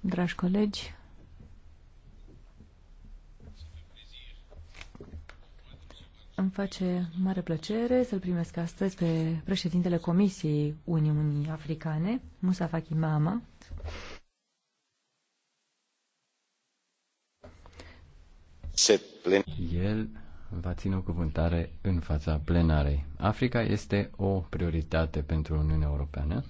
Dragi colegi, îmi face mare plăcere să-l primesc astăzi pe președintele Comisiei Uniunii Africane, Musa Faki Mama. El va ține o cuvântare în fața plenarei. Africa este o prioritate pentru Uniunea Europeană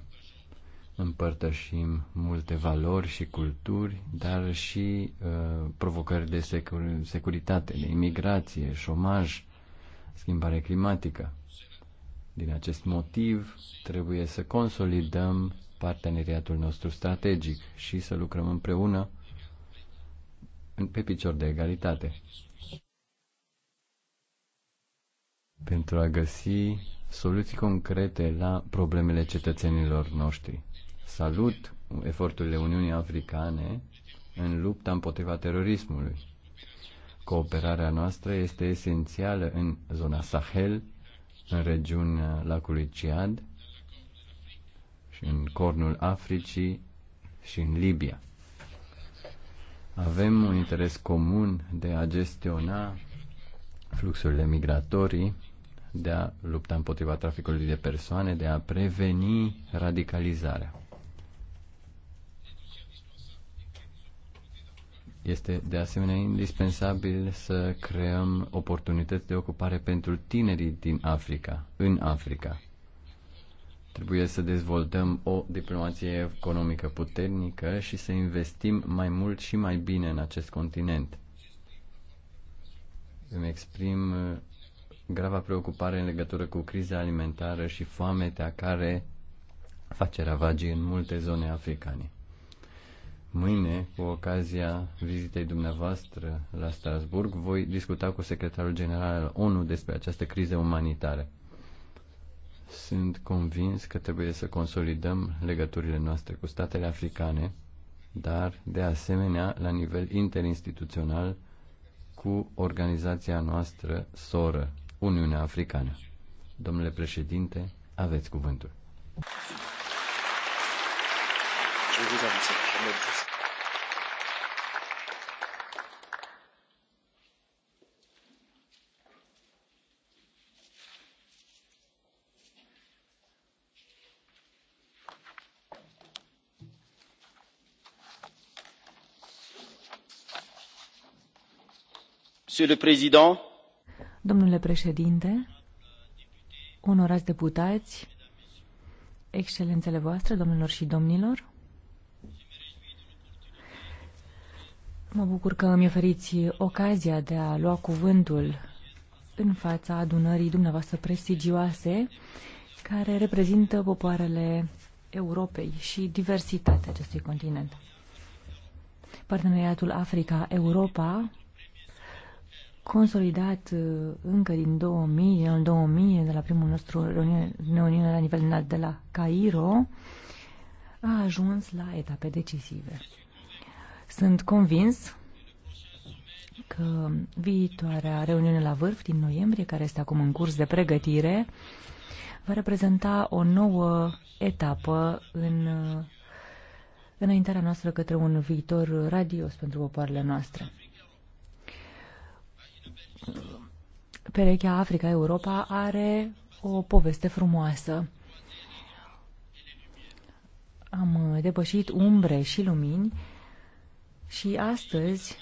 împărtășim multe valori și culturi, dar și uh, provocări de secur- securitate, de imigrație, șomaj, schimbare climatică. Din acest motiv, trebuie să consolidăm parteneriatul nostru strategic și să lucrăm împreună pe picior de egalitate pentru a găsi soluții concrete la problemele cetățenilor noștri. Salut eforturile Uniunii Africane în lupta împotriva terorismului. Cooperarea noastră este esențială în zona Sahel, în regiunea lacului Ciad și în cornul Africii și în Libia. Avem un interes comun de a gestiona fluxurile migratorii, de a lupta împotriva traficului de persoane, de a preveni radicalizarea. Este de asemenea indispensabil să creăm oportunități de ocupare pentru tinerii din Africa, în Africa. Trebuie să dezvoltăm o diplomație economică puternică și să investim mai mult și mai bine în acest continent. Îmi exprim uh, grava preocupare în legătură cu criza alimentară și foametea care face ravagii în multe zone africane. Mâine, cu ocazia vizitei dumneavoastră la Strasburg, voi discuta cu secretarul general al ONU despre această criză umanitară. Sunt convins că trebuie să consolidăm legăturile noastre cu statele africane, dar, de asemenea, la nivel interinstituțional, cu organizația noastră soră, Uniunea Africană. Domnule președinte, aveți cuvântul domnule președinte onorați deputați excelențele voastre doamnelor și domnilor Mă bucur că îmi oferiți ocazia de a lua cuvântul în fața adunării dumneavoastră prestigioase, care reprezintă popoarele Europei și diversitatea acestui continent. Parteneriatul Africa-Europa, consolidat uh, încă din 2000, în 2000, de la primul nostru reuniune la nivel înalt de la Cairo, a ajuns la etape decisive. Sunt convins că viitoarea reuniune la vârf din noiembrie, care este acum în curs de pregătire, va reprezenta o nouă etapă în înaintarea noastră către un viitor radios pentru popoarele noastre. Perechea Africa-Europa are o poveste frumoasă. Am depășit umbre și lumini și astăzi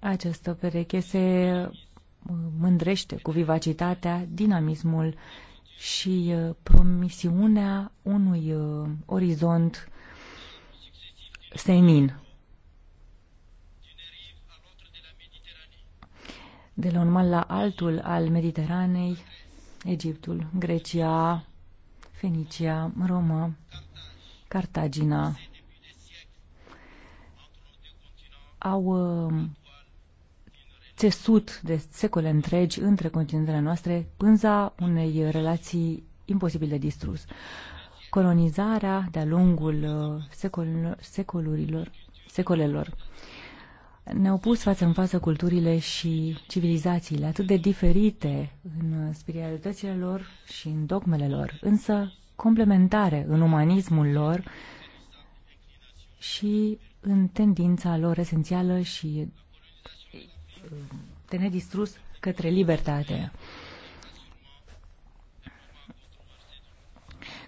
această pereche se uh, mândrește cu vivacitatea, dinamismul și uh, promisiunea unui uh, orizont senin. De la un mal la altul al Mediteranei, Egiptul, Grecia, Fenicia, Roma, Cartagina, au uh, țesut de secole întregi între continentele noastre pânza unei relații imposibil de distrus. Colonizarea de-a lungul uh, secolurilor, secolelor ne-au pus față în față culturile și civilizațiile atât de diferite în spiritualitățile lor și în dogmele lor, însă complementare în umanismul lor și în tendința lor esențială și uh, de nedistrus către libertate.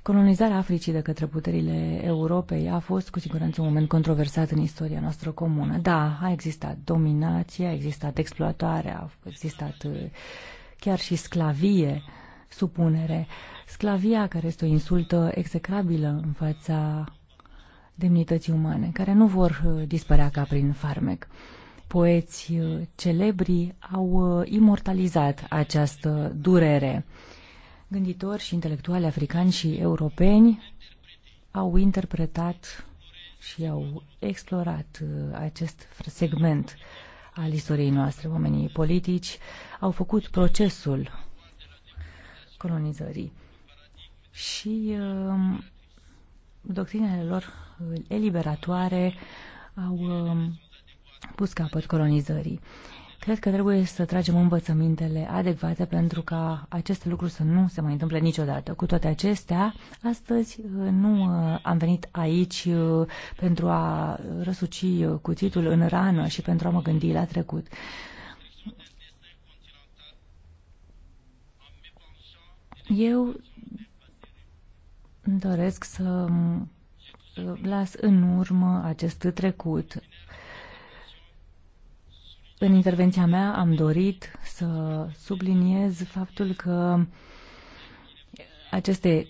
Colonizarea Africii de către puterile Europei a fost cu siguranță un moment controversat în istoria noastră comună. Da, a existat dominație, a existat exploatare, a existat uh, chiar și sclavie, supunere. Sclavia, care este o insultă execrabilă în fața demnității umane, care nu vor uh, dispărea ca prin farmec. Poeți uh, celebri au uh, imortalizat această durere. Gânditori și intelectuali africani și europeni au interpretat și au explorat acest segment al istoriei noastre. Oamenii politici au făcut procesul colonizării și uh, doctrinele lor uh, eliberatoare au um, pus capăt colonizării. Cred că trebuie să tragem învățămintele adecvate pentru ca aceste lucruri să nu se mai întâmple niciodată. Cu toate acestea, astăzi uh, nu uh, am venit aici pentru a răsuci cuțitul în rană și pentru a mă gândi la trecut. Eu doresc să las în urmă acest trecut. În intervenția mea am dorit să subliniez faptul că aceste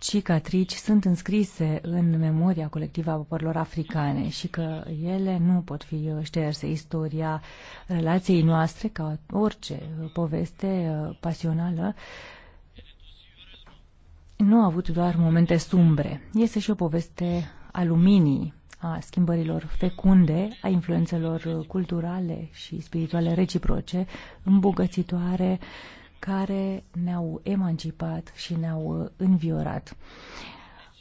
cicatrici sunt înscrise în memoria colectivă a popoarelor africane și că ele nu pot fi șterse. Istoria relației noastre, ca orice poveste uh, pasională, nu a avut doar momente sumbre. Este și o poveste a luminii, a schimbărilor fecunde, a influențelor culturale și spirituale reciproce, îmbogățitoare, care ne-au emancipat și ne-au înviorat.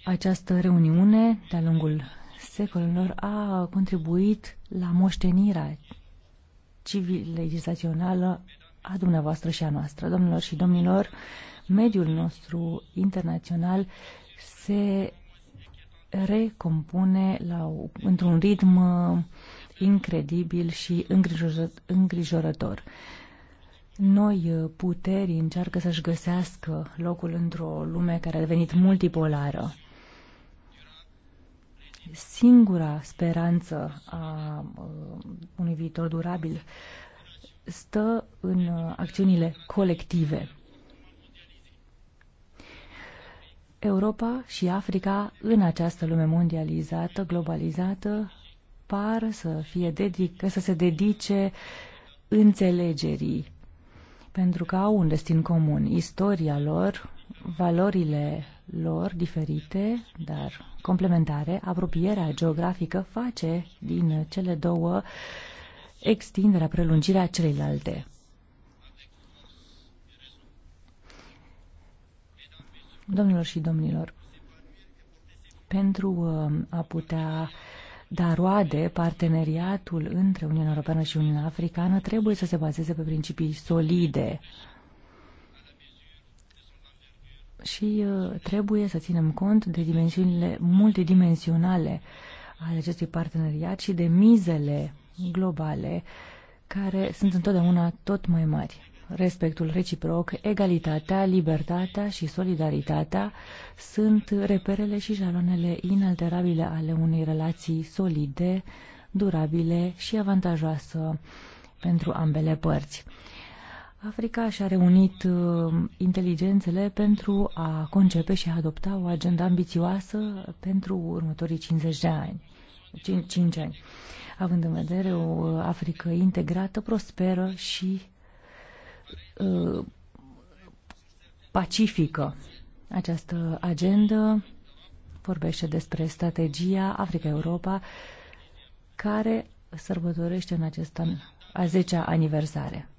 Această reuniune, de-a lungul secolelor, a contribuit la moștenirea civil-legislațională a dumneavoastră și a noastră. Domnilor și domnilor, mediul nostru internațional se recompune la, într-un ritm uh, incredibil și îngrijorător. Noi uh, puteri încearcă să-și găsească locul într-o lume care a devenit multipolară. Singura speranță a uh, unui viitor durabil stă în acțiunile colective. Europa și Africa în această lume mondializată, globalizată, par să, fie dedic, să se dedice înțelegerii, pentru că au un destin comun, istoria lor, valorile lor diferite, dar complementare, apropierea geografică face din cele două extinderea, prelungirea celelalte. Domnilor și domnilor, pentru uh, a putea da roade, parteneriatul între Uniunea Europeană și Uniunea Africană trebuie să se bazeze pe principii solide și uh, trebuie să ținem cont de dimensiunile multidimensionale ale acestui parteneriat și de mizele globale care sunt întotdeauna tot mai mari respectul reciproc, egalitatea, libertatea și solidaritatea sunt reperele și jalonele inalterabile ale unei relații solide, durabile și avantajoasă pentru ambele părți. Africa și-a reunit uh, inteligențele pentru a concepe și a adopta o agendă ambițioasă pentru următorii 50 de ani. 5, 5 ani având în vedere o uh, Africă integrată, prosperă și Uh, pacifică. Această agendă vorbește despre strategia Africa-Europa care sărbătorește în acest an a 10-a aniversare.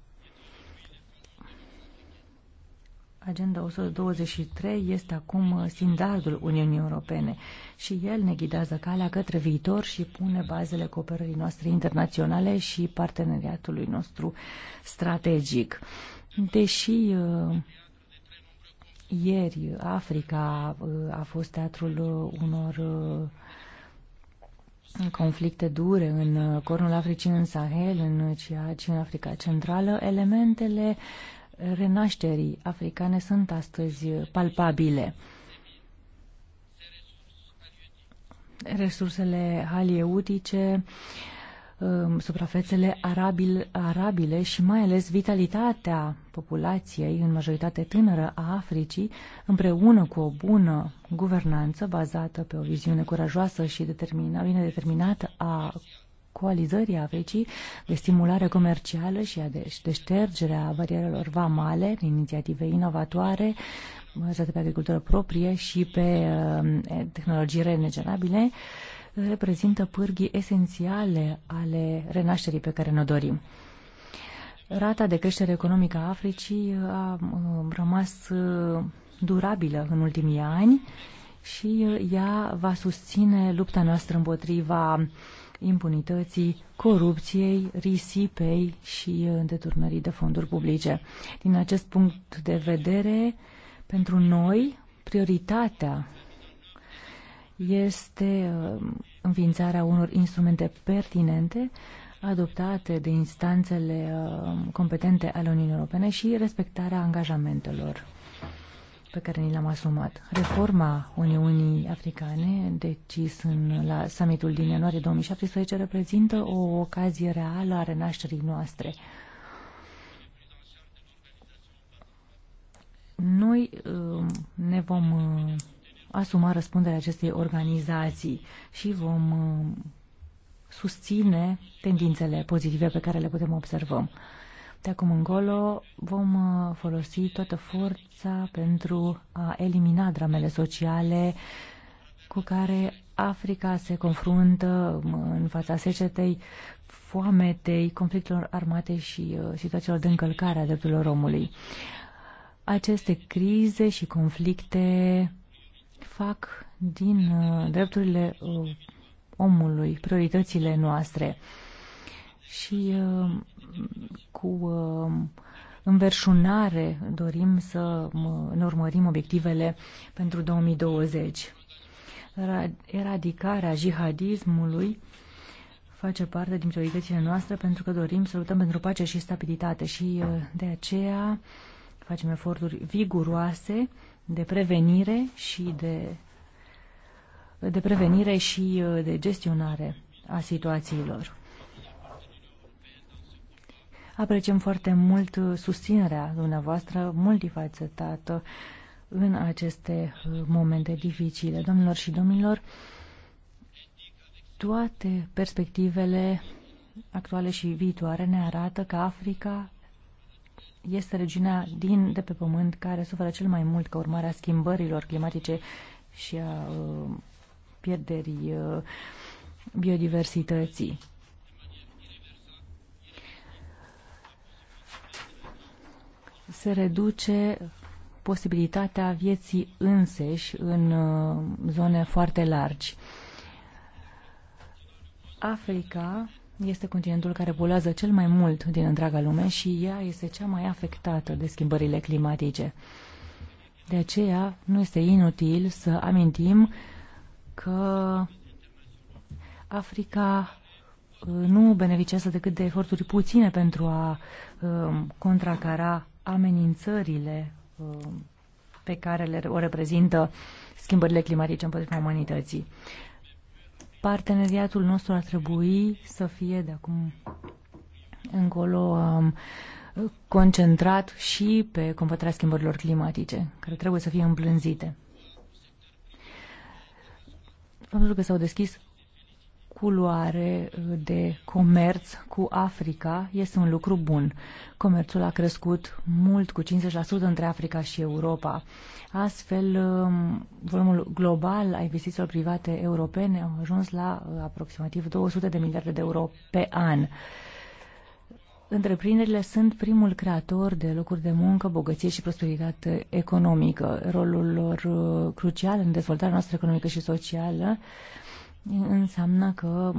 Agenda 123 este acum standardul Uniunii Europene și el ne ghidează calea către viitor și pune bazele cooperării noastre internaționale și parteneriatului nostru strategic. Deși uh, ieri Africa uh, a fost teatrul unor uh, conflicte dure în Cornul Africii, în Sahel, în Ceea ce în Africa Centrală, elementele renașterii africane sunt astăzi palpabile. Resursele halieutice, um, suprafețele arabil, arabile și mai ales vitalitatea populației, în majoritate tânără, a Africii, împreună cu o bună guvernanță bazată pe o viziune curajoasă și determinată, bine determinată a coalizării Africii, de stimulare comercială și a de ștergerea barierelor vamale, prin inițiative inovatoare, bazate pe agricultură proprie și pe um, tehnologii regenerabile, reprezintă pârghii esențiale ale renașterii pe care ne dorim. Rata de creștere economică a Africii uh, a um, rămas uh, durabilă în ultimii ani și uh, ea va susține lupta noastră împotriva impunității, corupției, risipei și uh, îndeturnării de fonduri publice. Din acest punct de vedere, pentru noi, prioritatea este uh, înființarea unor instrumente pertinente adoptate de instanțele uh, competente ale Uniunii Europene și respectarea angajamentelor pe care ni l-am asumat. Reforma Uniunii Africane, decis în, la summitul din ianuarie 2017, reprezintă o ocazie reală a renașterii noastre. Noi um, ne vom uh, asuma răspunderea acestei organizații și vom um, susține tendințele pozitive pe care le putem observăm. De acum încolo vom uh, folosi toată forța pentru a elimina dramele sociale cu care Africa se confruntă um, în fața secetei, foametei, conflictelor armate și uh, situațiilor de încălcare a drepturilor omului. Aceste crize și conflicte fac din uh, drepturile omului prioritățile noastre și cu uh, înverșunare dorim să ne urmărim obiectivele pentru 2020. Eradicarea jihadismului face parte din prioritățile noastre pentru că dorim să luptăm pentru pace și stabilitate și uh, de aceea facem eforturi viguroase de prevenire și de, de prevenire și uh, de gestionare a situațiilor. Apreciem foarte mult uh, susținerea dumneavoastră multifacetată în aceste uh, momente dificile. Domnilor și domnilor, toate perspectivele actuale și viitoare ne arată că Africa este regiunea din, de pe pământ care suferă cel mai mult ca urmare a schimbărilor climatice și a uh, pierderii uh, biodiversității. se reduce posibilitatea vieții înseși în uh, zone foarte largi. Africa este continentul care poluează cel mai mult din întreaga lume și ea este cea mai afectată de schimbările climatice. De aceea nu este inutil să amintim că Africa uh, nu beneficiază decât de eforturi puține pentru a uh, contracara amenințările uh, pe care le o reprezintă schimbările climatice împotriva umanității. Parteneriatul nostru ar trebui să fie de acum încolo um, concentrat și pe combaterea schimbărilor climatice, care trebuie să fie îmblânzite. Faptul că s-au deschis culoare de comerț cu Africa este un lucru bun. Comerțul a crescut mult cu 50% între Africa și Europa. Astfel, um, volumul global a investițiilor private europene a ajuns la uh, aproximativ 200 de miliarde de euro pe an. Întreprinderile sunt primul creator de locuri de muncă, bogăție și prosperitate economică. Rolul lor uh, crucial în dezvoltarea noastră economică și socială înseamnă că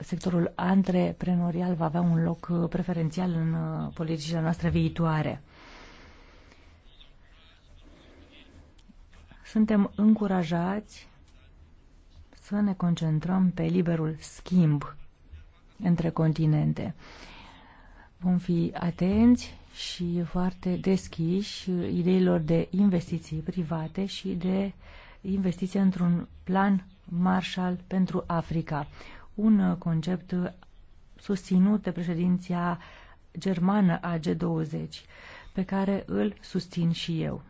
sectorul antreprenorial va avea un loc uh, preferențial în uh, politicile noastre viitoare. Suntem încurajați să ne concentrăm pe liberul schimb între continente. Vom fi atenți și foarte deschiși ideilor de investiții private și de investiții într-un plan Marshall pentru Africa, un uh, concept susținut de președinția germană a G20, pe care îl susțin și eu.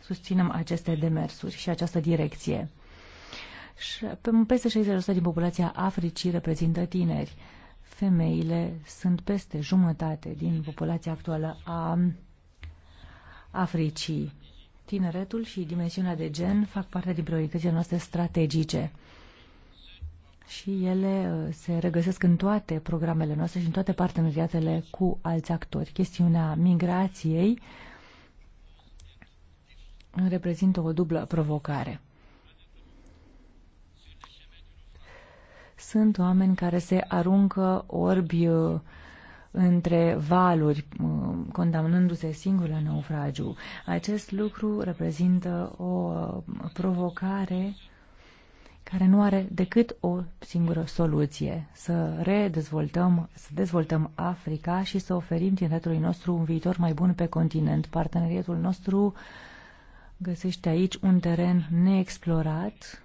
Susținem aceste demersuri și această direcție. Și peste 60% din populația Africii reprezintă tineri. Femeile sunt peste jumătate din populația actuală a Africii. Tineretul și dimensiunea de gen fac parte din prioritățile noastre strategice și ele uh, se regăsesc în toate programele noastre și în toate parteneriatele cu alți actori. Chestiunea migrației reprezintă o dublă provocare. Sunt oameni care se aruncă orbi uh, între valuri, condamnându-se singur la naufragiu. Acest lucru reprezintă o uh, provocare care nu are decât o singură soluție, să redezvoltăm, să dezvoltăm Africa și să oferim tineretului nostru un viitor mai bun pe continent. Parteneriatul nostru găsește aici un teren neexplorat,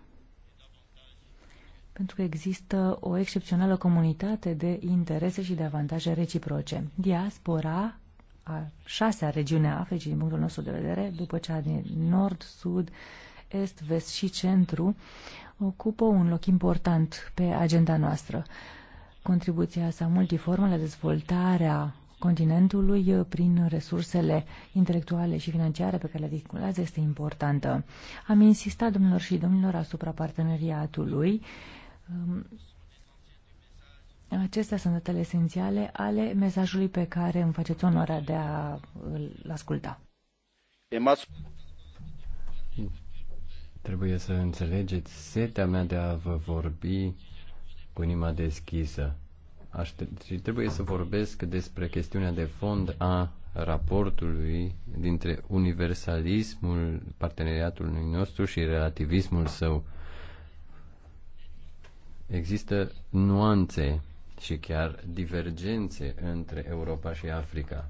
pentru că există o excepțională comunitate de interese și de avantaje reciproce. Diaspora, a șasea regiune a Africii din punctul nostru de vedere, după cea din nord, sud, est, vest și centru, ocupă un loc important pe agenda noastră. Contribuția sa multiformă la dezvoltarea continentului prin resursele intelectuale și financiare pe care le vehiculează este importantă. Am insistat, domnilor și domnilor, asupra parteneriatului Um, acestea sunt datele esențiale ale mesajului pe care îmi faceți onoarea de a l asculta. Trebuie să înțelegeți setea mea de a vă vorbi cu inima deschisă. Aș, trebuie să vorbesc despre chestiunea de fond a raportului dintre universalismul parteneriatului nostru și relativismul său Există nuanțe și chiar divergențe între Europa și Africa.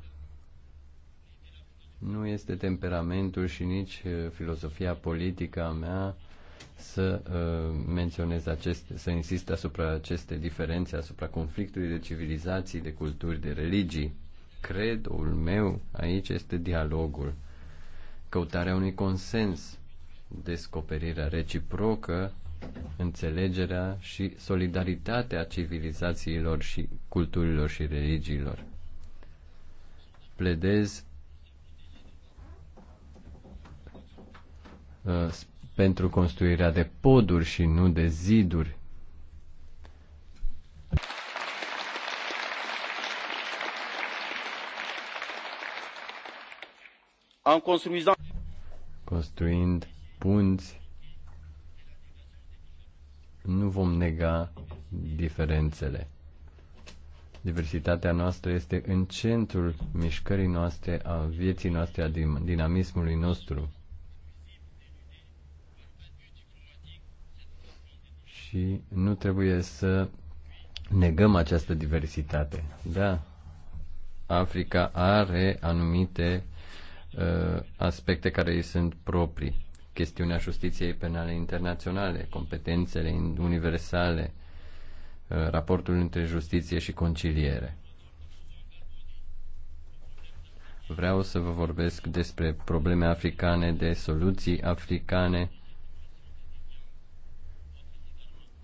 Nu este temperamentul și nici uh, filozofia politică a mea să uh, menționez aceste, să insist asupra aceste diferențe, asupra conflictului de civilizații, de culturi, de religii. Credul meu aici este dialogul, căutarea unui consens, descoperirea reciprocă înțelegerea și solidaritatea civilizațiilor și culturilor și religiilor. Pledez uh, pentru construirea de poduri și nu de ziduri. Am construit construind punți nu vom nega diferențele. Diversitatea noastră este în centrul mișcării noastre, a vieții noastre, a dinamismului nostru. Și nu trebuie să negăm această diversitate. Da, Africa are anumite uh, aspecte care îi sunt proprii chestiunea justiției penale internaționale, competențele universale, uh, raportul între justiție și conciliere. Vreau să vă vorbesc despre probleme africane, de soluții africane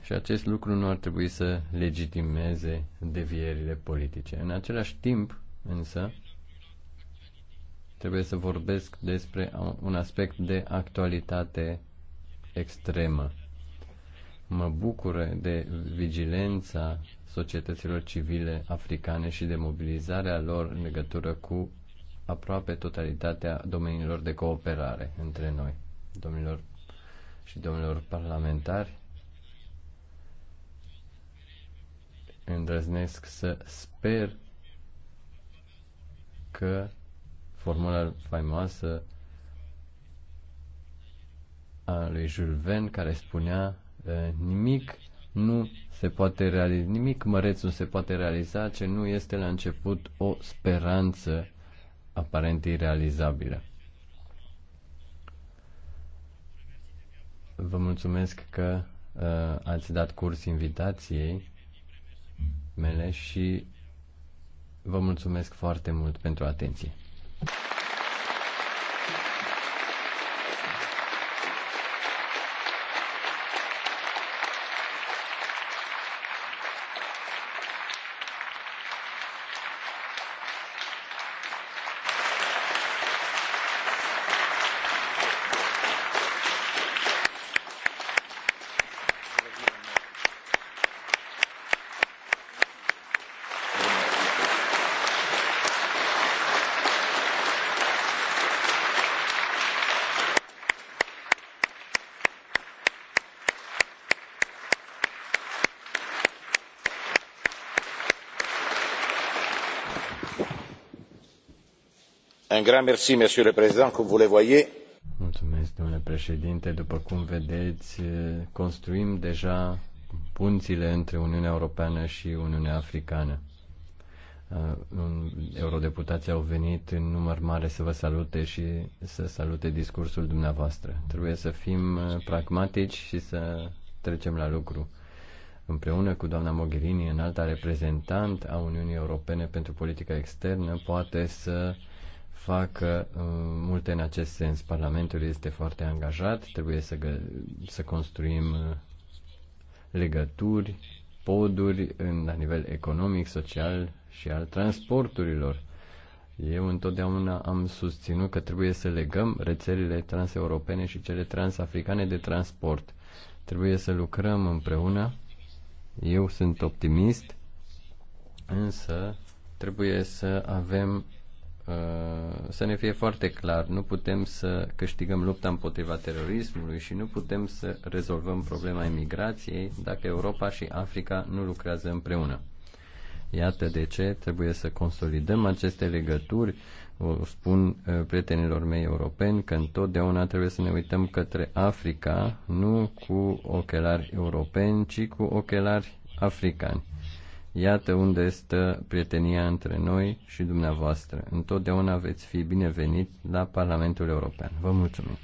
și acest lucru nu ar trebui să legitimeze devierile politice. În același timp, însă, trebuie să vorbesc despre un aspect de actualitate extremă. Mă bucură de vigilența societăților civile africane și de mobilizarea lor în legătură cu aproape totalitatea domeniilor de cooperare între noi, domnilor și domnilor parlamentari. Îndrăznesc să sper că formula faimoasă a lui Jules Verne care spunea nimic nu se poate realiza, nimic măreț nu se poate realiza ce nu este la început o speranță aparent irealizabilă. Vă mulțumesc că uh, ați dat curs invitației mele și vă mulțumesc foarte mult pentru atenție. Un le domnule președinte. După cum vedeți, construim deja punțile între Uniunea Europeană și Uniunea Africană. Uh, eurodeputații au venit în număr mare să vă salute și să salute discursul dumneavoastră. Trebuie să fim uh, pragmatici și să trecem la lucru. Împreună cu doamna Mogherini, înalta reprezentant a Uniunii Europene pentru politica externă, poate să uh, facă uh, multe în acest sens. Parlamentul este foarte angajat, trebuie să, să construim uh, legături, poduri în, la nivel economic, social și al transporturilor. Eu întotdeauna am susținut că trebuie să legăm rețelele transeuropene și cele transafricane de transport. Trebuie să lucrăm împreună. Eu sunt optimist, însă trebuie să avem Uh, să ne fie foarte clar, nu putem să câștigăm lupta împotriva terorismului și nu putem să rezolvăm problema imigrației dacă Europa și Africa nu lucrează împreună. Iată de ce trebuie să consolidăm aceste legături. O spun uh, prietenilor mei europeni că întotdeauna trebuie să ne uităm către Africa, nu cu ochelari europeni, ci cu ochelari africani. Iată unde stă prietenia între noi și dumneavoastră. Întotdeauna veți fi binevenit la Parlamentul European. Vă mulțumim!